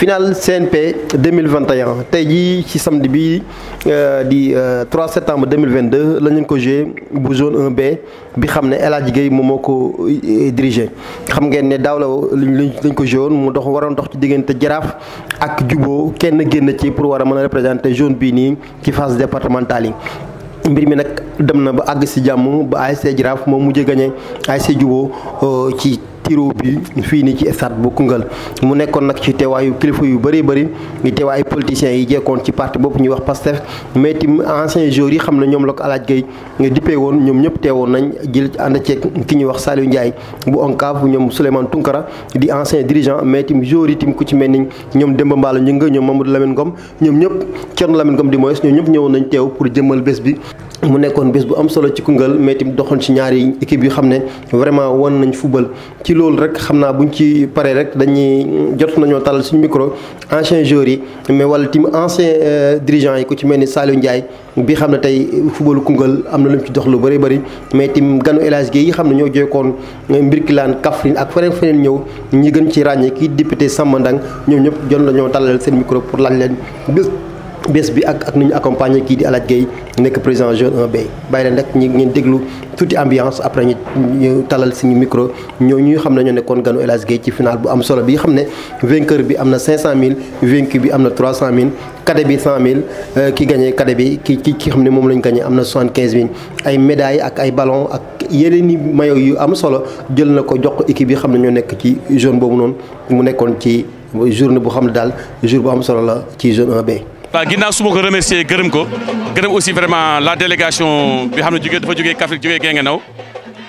final CNP 2021 tey jii ci samedi bi euh, di 3 euh, septembre 2022 la ñu ko joué bu zone un b bi xam ne El Hadj Gueye moom moo ko euh, dirigé xam ngeen ne daaw la lañ ko joué mu dox waroon ndox ci diggante Jaraaf ak Juboo kenn génn ci pour war a mën a représenté zone bii nii ci phase départementale yi. mbir mi nag dem na ba àgg si jàmm ba ASC Jaraaf moom mu mujjee gagné ASC Juboo ci. tiro bi fii nii ci stade bu Koungheul mu nekkoon nag ci teewaayu kilifa yu bëri bëri ñu teewaayu politiciens yi jekkoon ci parti bopp ñuy wax Pastef mais tim ancien joueurs yi xam ne ñoom la ko alaaj gay dippee woon ñoom ñëpp teewoon nañ jël ànd ceeg ki ñuy wax Saliou Ndiaye bu ONCAV ñoom Souleymane Tounkara di ancien dirigeant mais tim joueurs ku ci mel ni ñoom Demba Mbaalo ñoom Mamadou Lamine Ngom Ngom di moyes ñoom ñëpp ñëwoon nañ teew pour jëmmal am solo ci Koungheul mais tim doxoon ci ñaari équipe yu xam ne vraiment loolu rek xam naa bu ñu ci paree rek dañuy jot nañoo talal suñu micro ancien joueurs yi mais wala tim ancien euh, dirigeant yi ku ci mel ni saalu Ndiaye bi xam ne tey footballu Koungheul am na lu mu ci dox lu bëri bëri mais tim ganu El Hadj yi xam ne ñoo jokkoon Mbirkilaan Kaffrine ak feneen feneen ñëw ñi gën ci ràññee kii député Samba Ndang ñoom ñëpp jot nañoo talal seen micro pour laaj leen bés bi ak ak nu ñu kii di El Hadj Gueye nekk président jeune 1B bàyyi leen rek ñu ngeen déglu tuuti ambiance après ñu talal suñu micro ñoo ñuy xam ne ñoo nekkoon ganu El Hadj Gueye ci final bu am solo bi xam ne vainqueur bi am na 500000 vaincu bi am na 300000 cadet bi 100000 euh, ki gagné cadet bi ki ki ki xam ne moom lañ gagné am na 75000 ay médailles ak ay ballons ak yeneen i maillot yu am solo jël na ko jox ko équipe yi xam ne ñoo nekk ci jeune boobu noonu mu nekkoon ci journée bu xam ne daal jour bu am solo la ci jeune 1B. waaw ginnaaw su ma ko remercier gërëm ko gërëm aussi vraiment la délégation bi xam ne jógee dafa jógee Kaffrine jógee Guinguinéo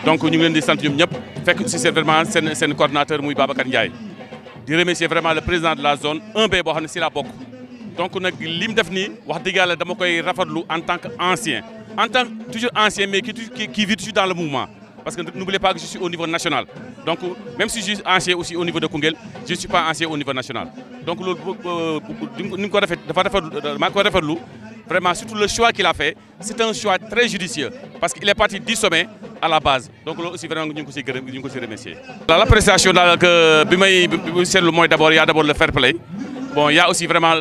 donc ñu ngi leen di sant ñoom ñëpp fekk aussi c'est vraiment seen seen coordonnateur muy Babacar Ndiaye di remercier vraiment le président de la zone 1B boo xam ne si laa bokk donc nag li mu def nii wax dëgg yàlla dama koy rafetlu en tant que ancien en tant que toujours ancien mais qui qui vit toujours dans le mouvement Parce que n'oubliez pas que je suis au niveau national. Donc, même si je suis ancien au niveau de Kungel, je suis pas ancien au niveau national. Donc, vraiment, surtout le choix qu'il a fait, c'est un choix très judicieux. Parce qu'il est parti du sommet à la base. Donc, aussi vraiment, nous nous remercier. L'appréciation que le moins d'abord, il y a d'abord le fair play. Bon, aussi vraiment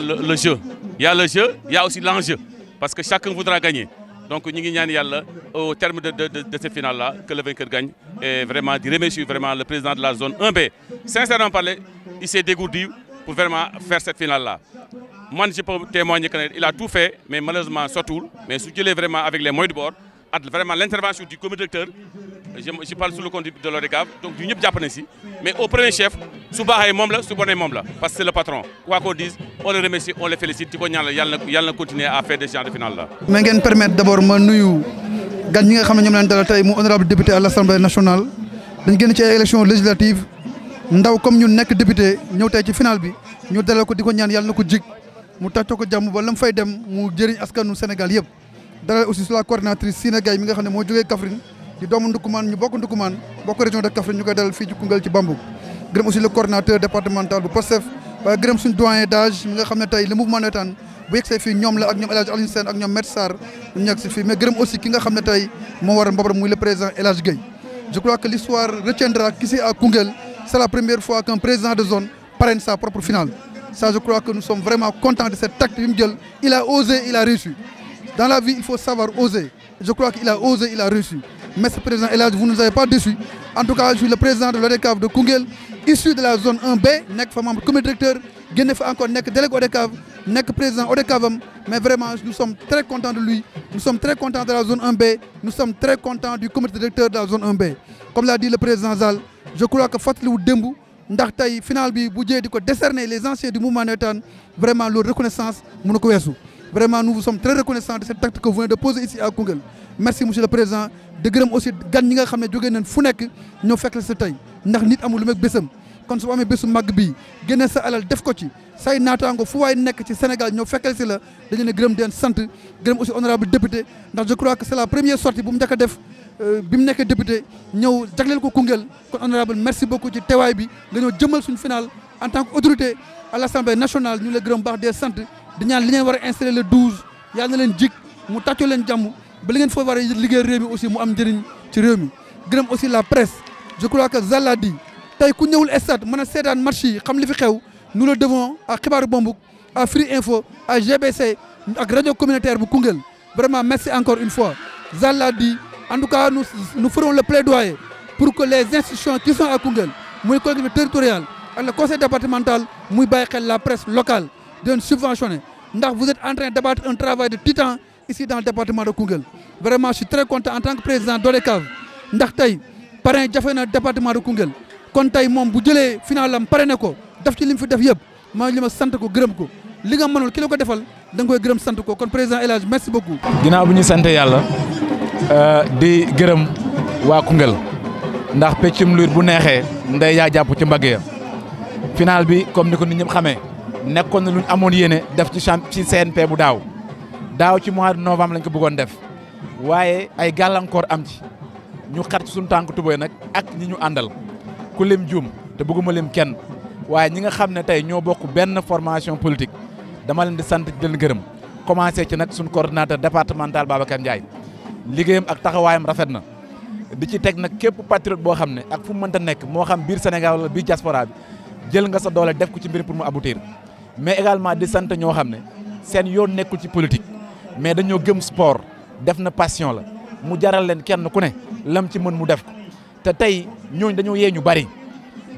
Donc nous avons au terme de, de, de, de ce final-là que le gagne et vraiment de remercier le président de la zone 1B. Sincèrement parlé, il s'est dégourdi pour vraiment faire cette finale-là. Moi, je peux témoigner qu'il a tout fait, mais malheureusement, surtout, mais ce qu'il est vraiment avec les moyens de bord, vraiment l'intervention du comité directeur, je je parle sous le conduit de l'ODCAV donc ñu ñëpp jàpp nañ si mais au premier chef su baaxee moom la su bonee moom la parce que c'est le patron quoi qu'on dise on le remercie on le félicite di ko ñaanal yàlla na yàlla continuer à faire des genres de finale là. mais ngeen permettre d'abord ma nuyu gan ñi nga xam ne ñoom lañ dalal tey mu honorable député à l'Assemblée nationale dañ génn ci ay élections législatives ndaw comme ñun nekk député ñëw tey ci finale bi ñu dalal ko di ko ñaan yàlla na ko jig mu ko jàmm ba la fay dem mu jëriñ askanu Sénégal yëpp dalal aussi sur la nga xam ne moo jógee Kaffrine di doomu Ndoukoumane ñu bokk Ndoukoumane bokk région de Kaffrine ñu koy dalal fii ci ci Bambouck gërëm aussi le coordinateur départemental bu Pastef waaye gërëm suñu doyen d'âge mi nga xam ne tey le mouvement nawetaan bu yegsee fii ñoom la ak ñoom El Hadj ak ñoom Maître Sarr ñu yegg si fii mais gërëm aussi ki nga xam ne tey moo waral mboobaram muy le président El Hadj Guèye je crois que l'histoire retiendra qu'ici à Koungheul c'est la première fois qu'un président de zone a osé il a réussi Monsieur le Président Elhadj, vous ne nous avez pas déçus. En tout cas, je suis le président de l'ODECAV de Koungheul, issu de la zone 1B, nekk fa membre comité directeur, génn fa encore nekk délégué ODECAV, nekk président ODECAV mais vraiment nous sommes très contents de lui, nous sommes très contents de la zone 1B, nous sommes très contents du comité de la zone 1B. Comme l'a dit le président Zal, je crois que fàttaliwu démb ndax tey final bi bu jee ko décerner les anciens du mouvement navétane vraiment leur reconnaissance mënu di gërëm aussi gan ñi nga xam ne jógee nañ fu nekk ñoo fekk la sa tey ndax nit amul lu meg bésam kon su amee bésu màgg bii génne sa alal def ko ci say naataango fu waay nekk ci Sénégal ñoo fekkal si la dañu ne gërëm deen sant gërëm aussi honorable député ndax je crois que c'est la première sortie bu mu njëkk a def euh, bi mu nekkee député ko Koungheul kon honorable merci beaucoup ci teewaay bi nga ñëw jëmal suñu final en tant que autorité à l'Assemblée national ñu la gërëm baax dee sant dañaan li ngeen war a installer le 12 yàlla na leen jik mu tàccoo leen jàmm ba li ngeen foo war a liggéey réew mi aussi mu am njëriñ ci réew mi gërëm aussi la presse je crois que Zala di tey ku ñëwul stade mën a seetaan match yi xam li fi xew nous le devons à xibaaru Bambouck à Free Info à GBC ak rajo communautaire bu Koungheul vraiment merci encore une fois Zala di en tout cas nous nous ferons que les institutions qui sont à Koungheul muy collectivité territoriale ak le conseil départemental muy bàyyi xel la presse locale di ndax vous êtes en train d'abattre ici dans le département de Koungheul vraiment je suis très content en tant que ndax tey parrain jafe na département de Koungheul kon tey moom bu jëlee final pare ne ko def ci lim fi def yëpp ma li ma sant ko gërëm ko li nga mënul ki la ko defal da nga koy gërëm sant ko kon président El Hadj merci ginaaw ginnaaw bu ñu sant yàlla euh, di gërëm waa Koungheul ndax peccum luur bu neexee nday yaa jàpp ci mbagg ya final bi comme ni ko nit ñëpp xamee nekkoon na ñu amoon yéene def ci ci CNP bu daaw. daaw ci mois de novembre lañ ko bëggoon def waaye ay gàllankoor am ci ñu xat ci suñu tànk tubay nag ak ñi ñu àndal ku lim juum te bëgguma lim kenn waaye ñi nga xam ne tey ñoo bokk benn formation politique dama leen di sant di gërëm commencé ci nag suñu coordonnateur départemental Babacar Ndiaye liggéeyam ak taxawaayam rafet na di ci teg nag képp patriote boo xam ne ak fu mu mënta nekk moo xam biir Sénégal wala biir diaspora jël nga sa doole def ko ci mbir pour mu aboutir mais également di ñoo xam ne seen yoon nekkul ci politique mais dañoo gëm sport def na passion la mu jaral leen kenn ku ne lam ci mën mu def ko te tey ñooñu dañoo yee ñu bari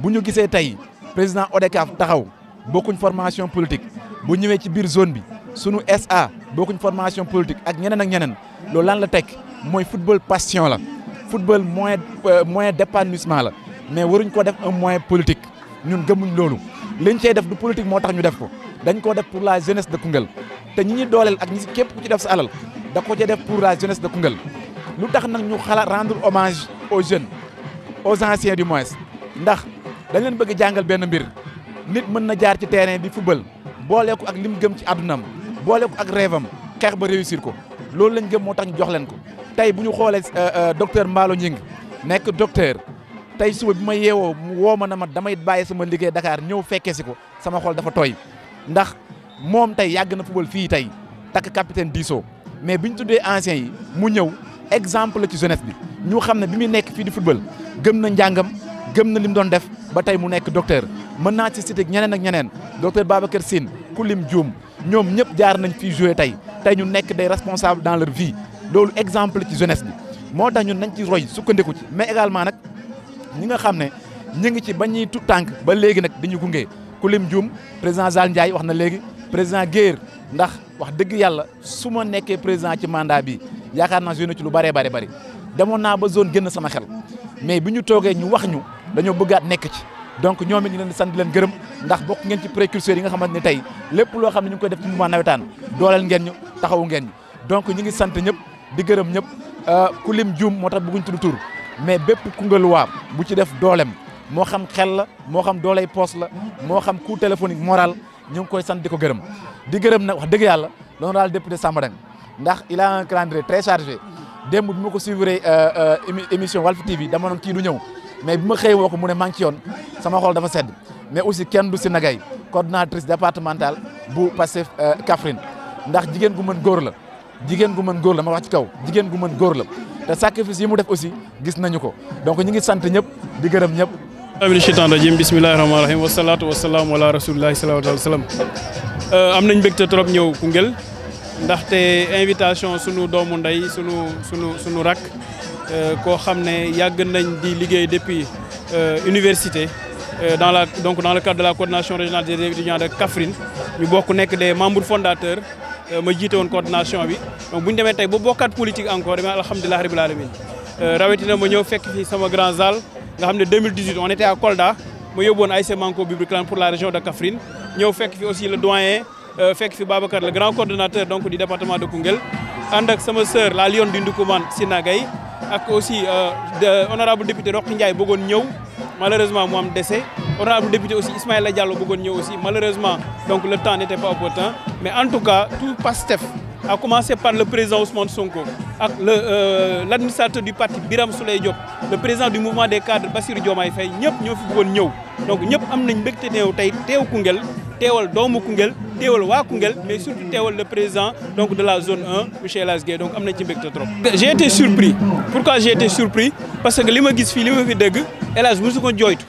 bu ñu gisee tey président ODCAV taxaw bokkuñ formation politique bu ñëwee ci biir zone bi sunu SA bokkuñ formation politique ak ñeneen ak ñeneen loolu lan la tekk mooy football passion la football moyen euh, moyen d'épanouissement la mais waruñ ko def un moyen politique ñun gëmuñ loolu liñ cee def du politique moo tax ñu def ko dañ koo def pour la jeunesse de Koungheul te ñi ñi dooleel ak ñi si képp ku ci def sa alal da ko ca def pour la jeunesse de Koungheul lu tax nag ñu xalaat rendre hommage aux jeunes aux anciens du moins ndax dañ leen bëgg jàngal benn mbir nit mën na jaar ci terrain di football boole ko ak lim gëm ci àddunaam boole ko ak rêve am xeex ba réussir ko loolu lañ gëm moo tax ñu jox leen ko tey bu ñu xoolee euh, euh, docteur Mballo Gning nekk docteur tey suba bi ma yeewoo mu woo ma na ma damay bàyyi sama liggéey Dakar ñëw fekkee si ko sama xol dafa tooy ndax moom tey yàgg na football fii tey takk capitaine Diso mais bi ñu tuddee anciens yi mu ñëw exemple ci jeunesse bi ñu xam ne bi muy nekk fii di football gëm na njàngam gëm na li mu doon def ba tey mu nekk docteur mën naa ci cité ñeneen ak ñeneen docteur Babacar Sine ku lim Dioum ñoom ñëpp jaar nañ fii joué tey tey ñu nekk dey responsable dans leur vie loolu exemple ci jeunesse bi moo tax ñun nañ ci roy sukkandiku ci mais également nag ñi nga xam ne ñu ngi ci ba ñuy tout tànk ba léegi nag dañuy gunge ku lim Dioum président Ndiaye wax na léegi président Guèye ndax wax dëgg yàlla suma nekkee président ci mandat bi yaakaar naa génn ci lu bëree bëri bëri demoon naa ba zone génn sama xel mais bi ñu toogee ñu wax ñu dañoo bëggaat nekk ci donc ñoom it ñu leen di sant leen gërëm ndax bokk ngeen ci précurseurs yi nga xamante ne tey lépp loo xam ne ñu koy def ci mouvement nawetaan dooleel ngeen ñu taxawu ngeen ñu donc ñu ngi sant ñëpp di gërëm ñëpp euh, ku lim juum moo tax bëgguñ tudd tur mais bépp Koungheul waa bu ci def doolem moo xam xel la moo xam dooley poos la moo xam coup téléphonique moral ñu ngi koy sant ko gërëm di gërëm na wax dëgg yàlla l'honorable député Samba Dang ndax il a un calendrier très chargé démb bi ma ko suivre euh, euh, émission Walf TV dama noon kii du ñëw mais bi ma xëy woo ko mu ne maa yoon sama xool dafa sedd mais aussi kenn du si nagay coordonnatrice départementale bu Pastef euh, Kaffrine ndax jigéen gu mën góor la jigéen gu mën góor la ma wax ci kaw jigéen gu mën góor la te sacrifice yi mu def aussi gis nañu ko donc ñu ngi sant ñëpp di gërëm ñëpp min shaytan rajim bismillahi rahmani rahim wasalaatu wasalaamu ala rasulillahi sallallahu alayhi wa sallam euh, am nañ mbégte trop ñëw Koungheul ndaxte invitation sunu doomu ndey sunu sunu sunu rakk euh, koo xam ne yàgg nañ di liggéey depuis euh, université dans la donc dans le cadre de la coordination régionale des étudiants de Kaffrine ñu bokk nekk de membres fondateur ma jiite woon coordination bi donc bu demee tey ba bokkaat politique encore dama alhamdulilah rabil alamin rawatina ma ñëw fekk fi sama grand zal nga xam ne 2018 on était à Kolda mu yóbboon ASC Manko Birkelane pour la région de Kaffrine ñëw fekk fi aussi le doyen euh, fekk fi Babacar le grand coordonnateur donc du département de Koungheul ànd ak sama sœur la lionne du Ndoukoumane Sina Gaye ak aussi euh, honorable député Roqi Ndiaye bëggoon ñëw malheureusement mu am décès honorable député aussi Ismaïla Diallo bëggoon ñëw aussi malheureusement donc le temps n'était pas mais en tout cas tout PASTEF à commencer par le président Ousmane Sonko ak le euh, l'administrateur du parti Biram Souleye Diop le président du mouvement des cadres Bassirou Diomaye Faye ñëpp ñoo fi bëggoon ñëw donc ñëpp am nañ mbégte néew tey teew Koungheul teewal doomu Koungheul teewal waa Koungheul mais surtout teewal le président donc de la zone 1 monsieur El Hadj Guèye am nañ ci mbégte trop. j'ai été surpris pourquoi j'ai été surpris parce que li ma gis fii li ma fi dégg El Hadj mosu ko jooytu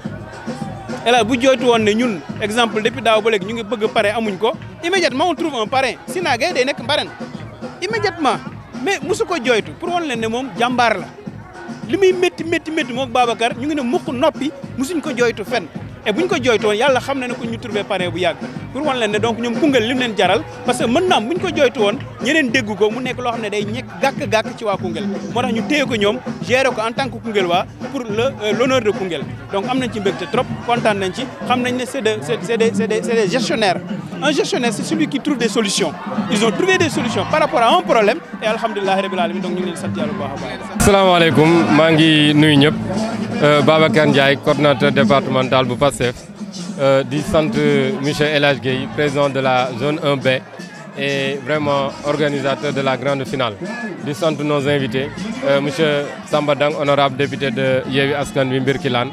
bu jooytu woon ne ñun exemple depuis daa ba léegi ñu ngi bëgg parrain amuñ ko immédiatement on trouve un parrain Sina Gueye day nekk mbareen immédiatement mais ko jooytu pour wan leen ne moom jàmbaar la. li muy métti métti métti moom Babacar ñu ngi ne mukk noppi musuñ ko jooytu fen et ko jooytoon yàlla xam na ne ko ñu trouvé parrain bu yàgg pour wan leen ne donc ñoom Koungheul lim leen jaral parce que mën naa am bu ñu ko joytu woon ñeneen dégg ko mu nekk loo xam ne day ñekk gàkk-gàkk ci waa Koungheul moo tax ñu ñoom géré ko en tant que Koungheul le euh, l'honneur de Koungheul donc am nañ ci mbégte trop kontaan nañ ci xam nañ ne c'est des c'est des c'est des gestionnaires un gestionnaire c'est celui qui trouve des solutions ils ont trouvé des solutions par rapport à un problème et alhamdulilah rabbil alamin donc ñu ngi Euh, di sant monsieur El Hadj Gueye président de la zone 1B et vraiment organisateur de la grande finale di sant non invités euh, monsieur Samba Dang honorable député de Yewwi Askan Wi Birkilane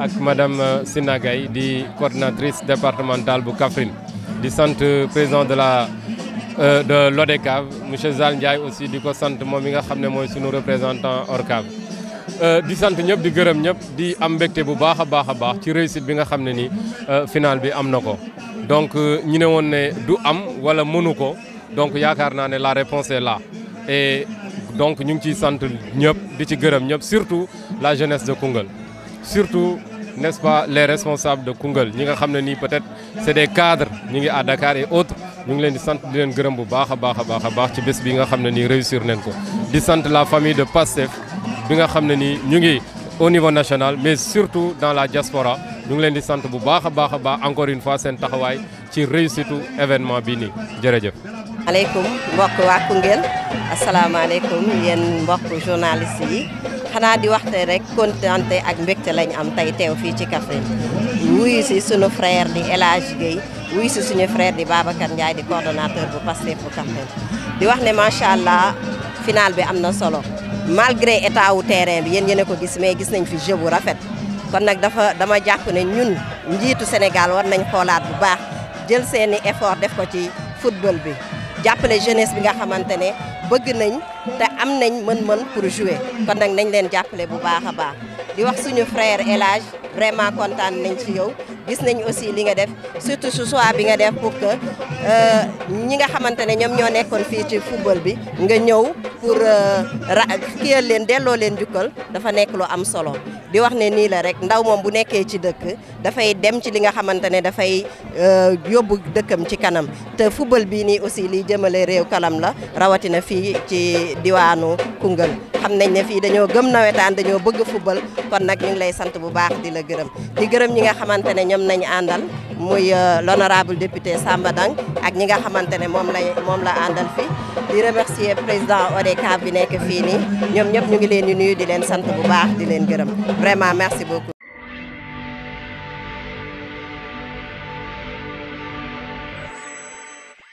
ak madame euh, Sina di coordinatrice départementale bu Kaffrine di sant président de la de l'ODECAV monsieur Zal Ndiaye aussi di ko sant moom mi nga xam ne mooy sunu représentant ORCAV Euh, di sant ñëpp di gërëm ñëpp di am mbégte bu baax a baax a baax ci réussite bi nga xam ne nii euh, final bi am na ko donc euh, ñu ne woon ne du am wala mënu ko donc yaakaar naa ne la réponse est là et donc ñu ngi ciy sant ñëpp di ci gërëm ñëpp surtout la jeunesse de Koungheul surtout n'est-ce pas les responsables de Koungheul ñi nga xam ne nii peut-être c'est des cadres ñu ngi à Dakar et autres ñu ngi leen di sant di leen gërëm bu baax a baax baax a baax ci bés bi nga xam ne nii réussir nañ ko di sant bi nga xam ne nii ñu ngi au niveau national mais surtout dans la diaspora ñu ngi leen di sant bu baax a baax a baax encore une fois seen taxawaay ci réussite événement bi nii jërëjëf. aleykum mbokk waa Koungheul asalaamaaleykum yéen mbokk journaliste yi xanaa di waxte rek kontante ak mbégte lañ am tey teew fii ci Kaffrine wuyu si sunu frère di El Hadj Gueye wuyu si suñu frère di Babacar Ndiaye di coordonnateur bu Pastef bu Kaffrine di wax ne macha allah final bi am na solo. malgré état wu terrain bi yéen yéen ko gis mais gis nañ fi jeu bu rafet kon nag dafa dama jàpp ne ñun njiitu Sénégal war nañ xoolaat bu baax jël seeni effort def ko ci football bi jàppale jeunesse bi nga xamante ne bëgg nañ te am nañ mën-mën pour jouer kon nag nañ leen jàppale bu baax a baax di wax suñu frère El vraiment kontaan nañ ci yow gis nañ aussi li nga def surtout ce choix bi nga def pour que euh, ñi nga xamante ne ñoom ñoo nekkoon fii ci football bi nga ñëw pour euh, ra kiyal leen delloo leen jukkal dafa nekk lu am solo di wax ne nii la rek ndaw moom bu nekkee ci dëkk dafay dem ci li nga xamante ne dafay euh, yóbbu dëkkam ci kanam te football bii nii aussi liy jëmale réew kalam la rawatina fii ci diwaanu Koungheul xam nañ ne fii dañoo gëm nawetaan dañoo bëgg football kon nag ñu ngi lay sant bu baax di la gërëm di gërëm ñi nga xamante ne ñoom nañu àndal muy euh, l'honorable député Samba Dang ak ñi nga xamante ne moom la la àndal fii di remercier président ODCAV bi nekk fii nii ñoom ñëpp ñu ngi leen di nuyu di leen sant bu baax di leen gërëm vraiment merci beaucoup.